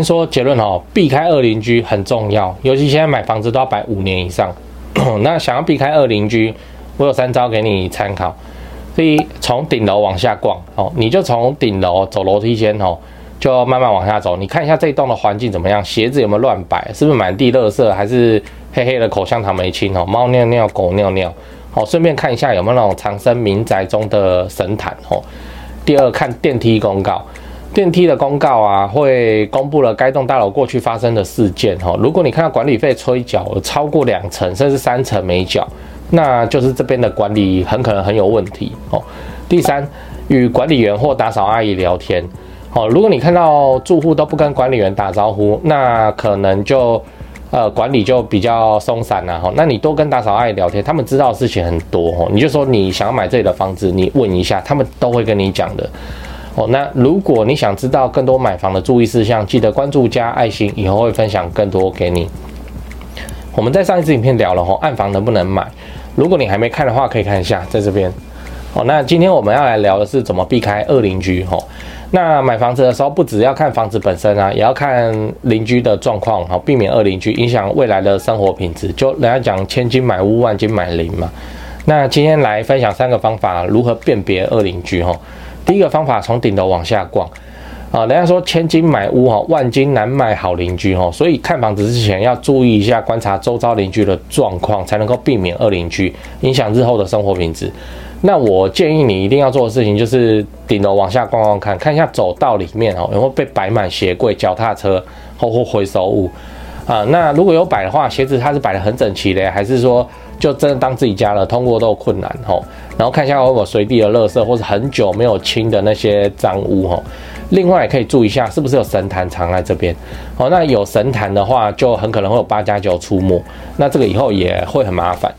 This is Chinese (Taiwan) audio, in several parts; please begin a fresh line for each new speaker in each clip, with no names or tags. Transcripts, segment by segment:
先說結論哦，避開惡鄰居很重要，尤其現在買房子都要擺五年以上。那想要避開惡鄰居，我有三招給你參考。第一，從頂樓往下逛哦，你就從頂樓走樓梯間哦，就慢慢往下走，你看一下這棟的環境怎麼樣，鞋子有沒有亂擺，是不是滿地垃圾，還是黑黑的口香糖沒清哦，貓尿尿、狗尿尿哦，順便看一下有沒有那種藏身民宅中的神壇哦。第二，看電梯公告。電梯的公告啊，會公布了該棟大樓過去發生的事件哈、哦。如果你看到管理費催繳超過兩層，甚至三層沒繳，那就是這邊的管理很可能很有問題哦。第三，與管理員或打掃阿姨聊天哦。如果你看到住戶都不跟管理員打招呼，那可能就呃管理就比較鬆散了、啊、哈、哦。那你多跟打掃阿姨聊天，他們知道的事情很多哦。你就說你想要買這裡的房子，你問一下，他們都會跟你講的。哦，那如果你想知道更多買房的注意事項，記得關注加愛心，以後會分享更多給你。我們在上一次影片聊了哦，暗房能不能買？如果你還沒看的話，可以看一下，在這邊。哦，那今天我們要來聊的是怎麼避開惡鄰居。吼、哦，那買房子的時候，不只要看房子本身啊，也要看鄰居的狀況，好、哦、避免惡鄰居影響未來的生活品質。就人家講，千金買屋，萬金買鄰嘛。那今天來分享三個方法，如何辨別惡鄰居。吼、哦。第一個方法，從頂樓往下逛，啊，人家說千金買屋哈，萬金難買好鄰居哈，所以看房子之前要注意一下，觀察周遭鄰居的狀況，才能夠避免惡鄰居影響日後的生活品質。那我建議你一定要做的事情，就是頂樓往下逛逛看，看一下走道裡面哈，有沒有被擺滿鞋櫃、腳踏車包括回收物。啊，那如果有擺的話，鞋子它是擺得很整齊的，還是說就真的當自己家了，通過都有困難吼？然後看一下會不會隨地的垃圾，或是很久沒有清的那些髒污吼。另外也可以注意一下，是不是有神壇藏在這邊？哦，那有神壇的話，就很可能會有八加九出沒，那這個以後也會很麻煩。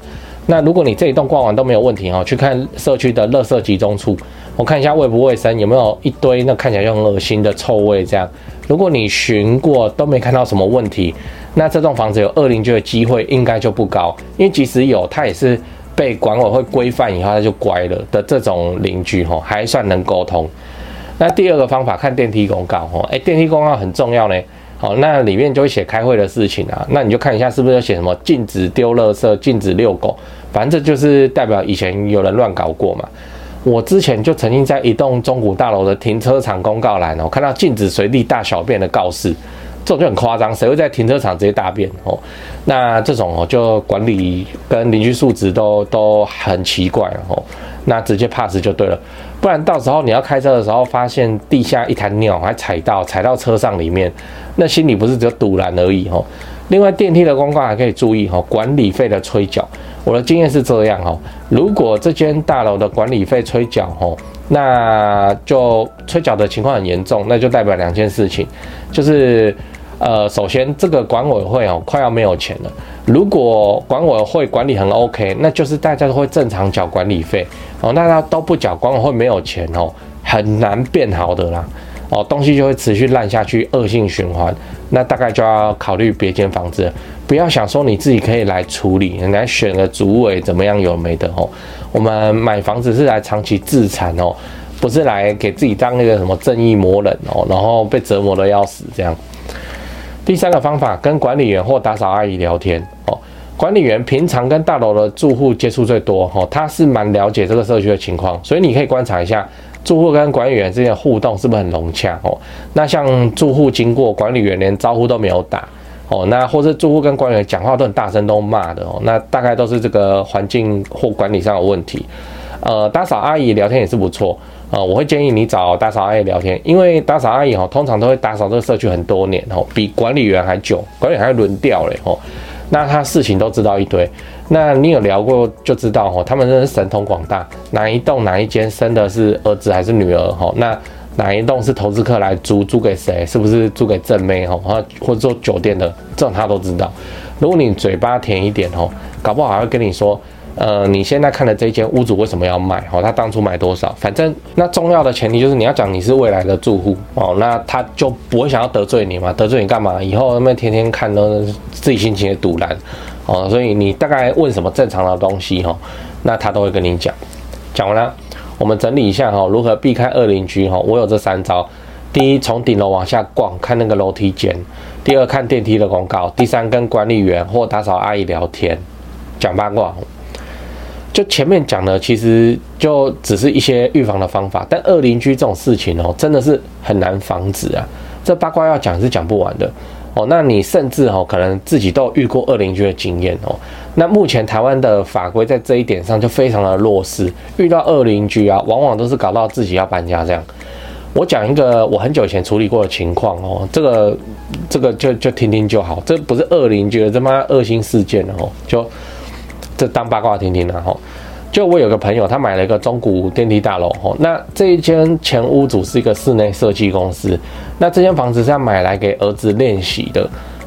那如果你這一棟逛完都沒有問題，去看社區的垃圾集中處。我看一下衛不衛生，有沒有一堆那看起來就很噁心的臭味這樣。如果你巡過都沒看到什麼問題，那這棟房子有惡鄰居的機會應該就不高。因為即使有，它也是被管委會規範以後它就乖了的這種鄰居哦，還算能溝通。那第二個方法看電梯公告哦、欸，電梯公告很重要呢。好，那裡面就會寫開會的事情啊，那你就看一下是不是要寫什麼禁止丟垃圾、禁止遛狗，反正就是代表以前有人亂搞過嘛。我之前就曾經在一棟中古大樓的停車場公告欄哦，看到禁止隨地大小便的告示，這種就很誇張，誰會在停車場直接大便哦？那這種哦就管理跟鄰居素質都都很奇怪哦。那直接 pass 就對了，不然到時候你要開車的時候發現地下一灘尿還踩到踩到車上裡面，那心裡不是只有賭爛而已哦。另外電梯的公告還可以注意哦，管理費的催繳。我的經驗是這樣哦，如果這間大樓的管理費催繳哦，那就催繳的情況很嚴重，那就代表兩件事情，就是，呃，首先這個管委會哦快要沒有錢了。如果管委會管理很 OK，那就是大家都會正常繳管理費哦，那他都不繳，管委會沒有錢哦，很難變好的啦哦，東西就會持續爛下去，惡性循環，那大概就要考慮別間房子了。不要想說你自己可以來處理，你來選個主委怎麼樣有沒得哦？我們買房子是來長期自殘哦，不是來給自己當那個什麼正義魔人哦，然後被折磨得要死這樣。第三個方法，跟管理員或打掃阿姨聊天哦。管理員平常跟大樓的住戶接觸最多哦，他是蠻了解這個社區的情況，所以你可以觀察一下住戶跟管理員之間的互動是不是很融洽哦。那像住戶經過管理員連招呼都沒有打，哦，那或是住戶跟管理員講話都很大聲，都罵的哦。那大概都是這個環境或管理上有問題。呃，打掃阿姨聊天也是不錯啊，呃，我會建議你找打掃阿姨聊天，因為打掃阿姨哦，通常都會打掃這個社區很多年哦，比管理員還久，管理員還要輪調嘞哦。那他事情都知道一堆。那你有聊過就知道哦，他們真是神通廣大，哪一棟哪一間生的是兒子還是女兒哦，那。哪一棟是投資客來租？租給誰？是不是租給正妹？吼，或或者做酒店的，這種他都知道。如果你嘴巴甜一點，吼，搞不好還會跟你說，呃，你現在看的這間屋主為什麼要賣？吼，他當初買多少？反正那重要的前提就是你要講你是未來的住戶，哦，那他就不會想要得罪你嘛，得罪你幹嘛？以後他們天天看都自己心情也賭爛，哦，所以你大概問什麼正常的東西，吼，那他都會跟你講，講完了。我們整理一下哈，如何避開惡鄰居哈？我有這三招：第一，從頂樓往下逛，看那個樓梯間；第二，看電梯的公告；第三，跟管理員或打掃阿姨聊天，講八卦。就前面講的，其實就只是一些預防的方法。但惡鄰居這種事情哦，真的是很難防止啊。這八卦要講是講不完的。哦，那你甚至哦，可能自己都有遇過惡鄰居的經驗哦。那目前台灣的法規在這一點上就非常的弱勢，遇到惡鄰居啊，往往都是搞到自己要搬家這樣。我講一個我很久以前處理過的情況哦，這個這個就就聽聽就好，這不是惡鄰居的，這媽噁心事件哦，就這當八卦聽聽的、啊、吼、哦。就我有個朋友，他買了一個中古電梯大樓哦，那這一間前屋主是一個室內設計公司，那這間房子是要買來給兒子練習的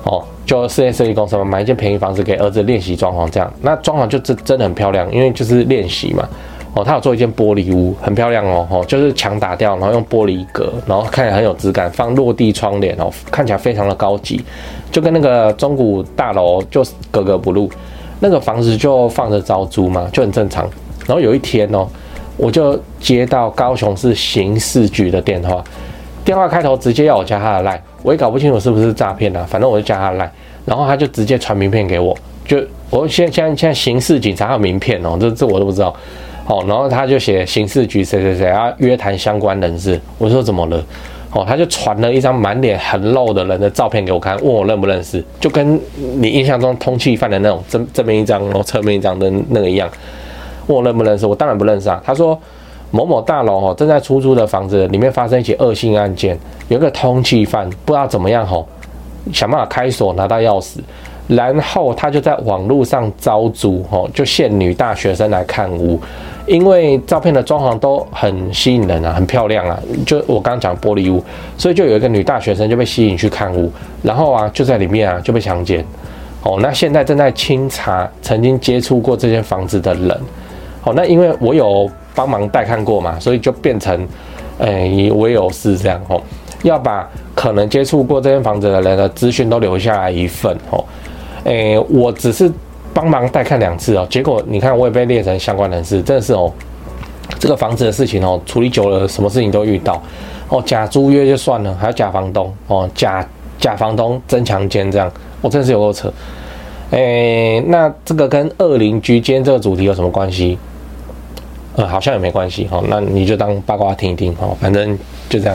哦，就室內設計公司買一間便宜房子給兒子練習裝潢，這樣那裝潢就真真的很漂亮，因為就是練習嘛哦，他有做一間玻璃屋，很漂亮哦，吼，就是牆打掉，然後用玻璃隔，然後看起來很有質感，放落地窗簾哦，看起來非常的高級，就跟那個中古大樓就是格格不入。那個房子就放着招租嘛，就很正常。然後有一天哦，我就接到高雄市刑事局的電話，電話開頭直接要我加他的 line，我也搞不清楚是不是詐騙啊，反正我就加他 line，然後他就直接傳名片給我，就我現在現在現在刑事警察還有名片哦，這這我都不知道。哦。然後他就寫刑事局誰誰誰，啊，約談相關人士。我說怎麼了？哦，他就傳了一張滿臉橫肉的人的照片給我看，問我認不認識，就跟你印象中通緝犯的那種正正面一張，哦，然後側面一張的那個一樣。問我認不認識？我當然不認識啊。他說某某大樓哦，正在出租的房子裡面發生一起惡性案件，有個通緝犯不知道怎麼樣哦，想辦法開鎖拿到鑰匙，然後他就在網絡上招租哦，就限女大學生來看屋。因為照片的裝潢都很吸引人啊，很漂亮啊，就我剛剛講玻璃屋，所以就有一個女大學生就被吸引去看屋，然後啊就在裡面啊就被強姦，哦，那現在正在清查曾經接觸過這間房子的人，哦，那因為我有幫忙帶看過嘛，所以就變成，哎、欸，我也有事這樣哦，要把可能接觸過這間房子的人的資訊都留下來一份哦，誒、欸，我只是。幫忙帶看兩次哦、喔，結果你看我也被列成相關人士，真的是哦、喔，這個房子的事情哦、喔，處理久了，什麼事情都遇到，哦、喔，假租約就算了，還有假房東哦、喔，假假房東真強姦這樣，我、喔、真是有夠扯，哎、欸，那這個跟惡鄰居間這個主題有什麼關係？呃，好像也沒關係哈、喔，那你就當八卦聽一聽哈、喔，反正就這樣。